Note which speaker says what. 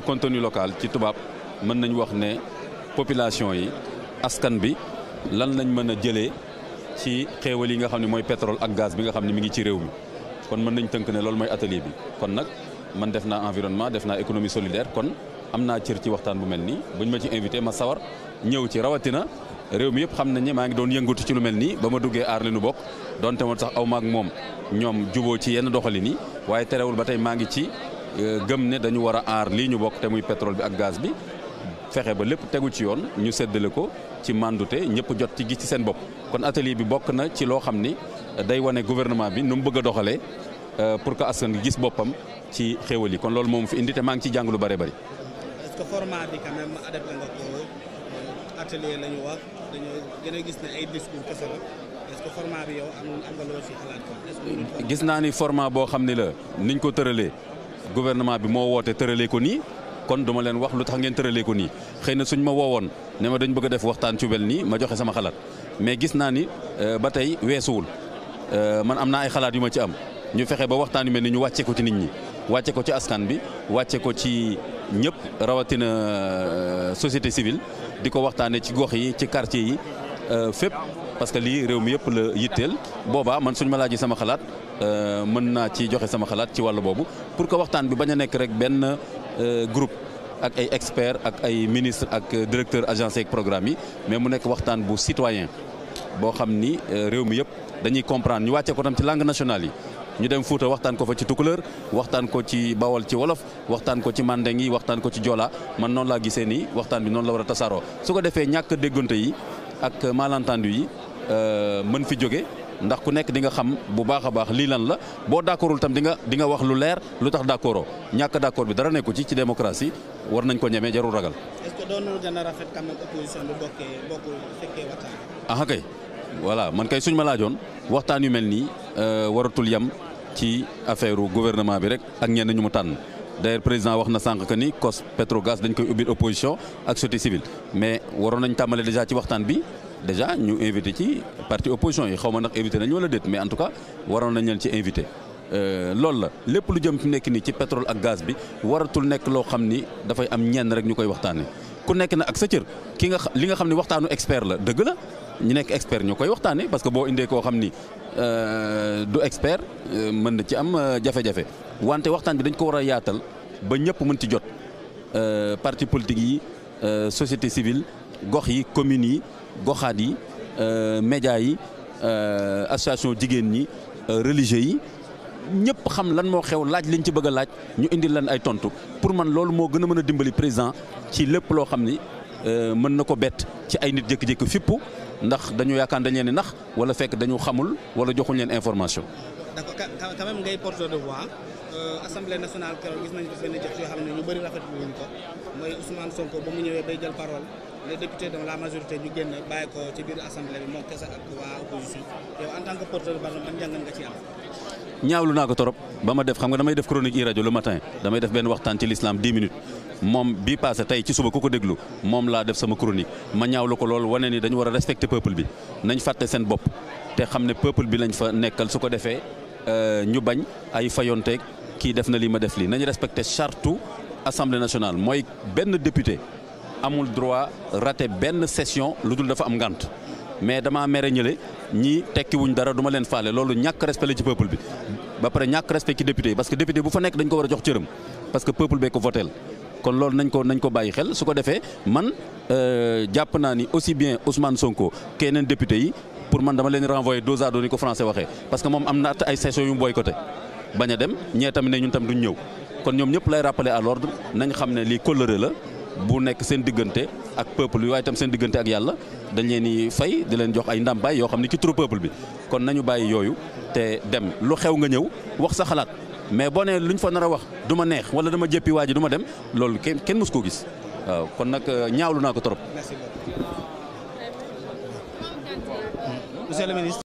Speaker 1: te contenu local ci tubaab mën nañ wax ne population yi askan bi lan lañ mën a jëlee ci xéewal yi nga xam ne mooy pétrole ak gaz bi nga xam ne mi ngi ci réew mi kon mën nañ tënk ne loolu mooy atelier bi kon nag man def naa environnement def naa économie solidaire kon am naa cër ci waxtaan bu mel nii buñ ma ci invité ma sawar ñëw ci rawatina réew mi yëpp xam nañ ne maa ngi doon yëngatu ci lu mel nii ba ma duggee aar bokk donte woon sax aw maag moom ñoom juboo ci yenn doxalin yi Euh, gëm ne dañu war a aar lii ñu bokk te muy pétrole bi ak gaz bi fexe ba lépp tegu ci yoon ñu séddale ko ci mandute ñëpp jot ci gis ci seen bopp. kon atelier bi bokk na ci loo xam ni euh, day wane gouvernement bi nu mu bëgg a doxalee euh, pour que askan gis boppam ci xéewal yi kon loolu moom fi indi te maa ngi ciy jàng lu bare bari. gis naa ni format boo xam ne la niñ ko tëralee. gouvernement bi moo woote tëralee ko nii kon duma leen wax lu tax ngeen tëralee ko nii xëy na suñ ma woowoon ne ma dañ bëgg a def waxtaan ci wel nii ma joxe sama xalaat mais gis naa ni euh, ba tey weesuwul euh, man am naa ay xalaat yu ma ci am ñu fexe ba waxtaan yu mel ni ñu wàcce ko ci nit ñi wàcce ko ci askan bi wàccee ko ci ñëpp rawatina euh, société civile di ko waxtaanee ci gox yi ci quartier yi fépp. parce que lii réew mi yëpp la yitteel boobaa man suñu ma laajee sama xalaat euh, mën naa ci joxe sama xalaat ci wàll boobu pour que waxtaan bi bañ a nekk rek benn euh, groupe ak ay expert ak ay ministre ak directeur agence ak programme yi mais mu nekk waxtaan bu citoyen boo xam ni euh, réew mi yëpp dañuy comprendre ñu wàccee ko tam ci langue nationale yi ñu dem Fuuta waxtaan ko fa ci tukulër waxtaan ko ci bawol ci wolof waxtaan ko ci mandeng yi waxtaan ko ci jola man noonu laa gisee nii waxtaan bi noonu la war a tasaaroo su ko defee ñàkk déggante yi ak malentendu yi Euh, mën fi jóge ndax ku nekk di nga xam bu baax a baax lii lan la boo d'accordul tam di nga di nga wax lu leer lu tax d'accordoo ñàkk d'accord bi dara nekku ci ci démocratie war nañ ko ñemee jarul ragal. est ah, kay voilà man kay suñ ma laajoon waxtaan yu mel nii euh, waratul yam ci affaire gouvernement bi rek ak ñenn ñu mu tànn. d'ailleurs président wax na sànq que ni COS Petrogaz dañ koy ubbil opposition ak société civile mais waroon nañ tàmbale déjà ci waxtaan bi. déjà ñu invité ci partie opposition yi xaw ma ndax invité nañu wala déet mais en tout cas waroon nañ leen ci invité. Euh, loolu la lépp lu jëm fi nekk nii ci pétrole ak gaz bi waratul nekk loo xam ni dafay am ñenn rek ñu koy waxtaanee ku nekk na ak sa cër ki nga li nga xam ni waxtaanu expert la dëgg la ñu nekk expert ñu koy waxtaane parce que boo indee koo xam ni euh, du expert euh, mën na ci am jafe-jafe wante waxtaan bi dañ ko war a yaatal ba ñëpp mën ci jot parti politique yi société civile gox yi communes yi goxaat yi euh, média yi euh, association jigéen ñi euh, religieux yi ñëpp xam lan moo xew laaj liñ ci bëgg a laaj ñu indi lan ay tontu pour man loolu moo gën a mën a dimbali président ci lépp loo xam ni mën na ko bett ci ay nit jékki-jékki fippu ndax dañu yaakaar dañ leen di nax wala fekk dañu xamul wala joxuñ leen information.
Speaker 2: d'accord ngay porte de voix assemblée nationale keroog gis nañu benn jëf yoo xam ne ñu bëri rafetlu wuñ ko mooy Ousmane les députés ñu génn bàyyi
Speaker 1: ñaawlu naa ko torop ba ma def xam nga damay def chronique i rajo le matin damay def benn waxtaan ci l'islam 10 minutes moom bii passé tey ci suba ku ko déglu moom laa def sama chronique ma ñaawlu ko lool wane ni dañu war a respecter bi nañ fàtte seen bopp te xam ne peuple bi lañ fa nekkal su ko defee euh, ñu bañ ay fayonteeg kii def na lii ma def lii nañ respecter charte assemblée nationale mooy benn député. amul droit raté benn session lu dul dafa am ngant mais damaa mere ñële ñii tekki wuñ dara duma ma leen faale loolu ñàkk respect la ci peuple bi ba pare ñàkk respect ci député parce que député bu fa nekk dañ ko war a jox cëram parce que peuple bee ko votel kon loolu nañ ko ko bàyyi xel su ko defee man euh, jàpp naa ni aussi bien Ousmane Sonko keneen député yi pour man dama leen renvoyer dos à dos ni ko français waxee parce que moom am na ay session yu mu boycotté bañ a tam duñ ñëw kon ñoom ñëpp lay rappeler à l'ordre xam ne lii kóllëre la bu nekk seen diggante ak peuple bi waaye itam seen diggante ak yàlla dañ leen di fay di leen jox ay ndàmpaay yoo xam ne ci turu peuple bi kon nañu bàyyi yooyu te dem lu xew nga ñëw wax sa xalaat mais boo nee luñ fa nar a wax du ma neex wala dama jëppi waa ji du dem loolu kenn kenn mës koo gis waaw kon nag euh, ñaawlu naa ko trop. Monsieur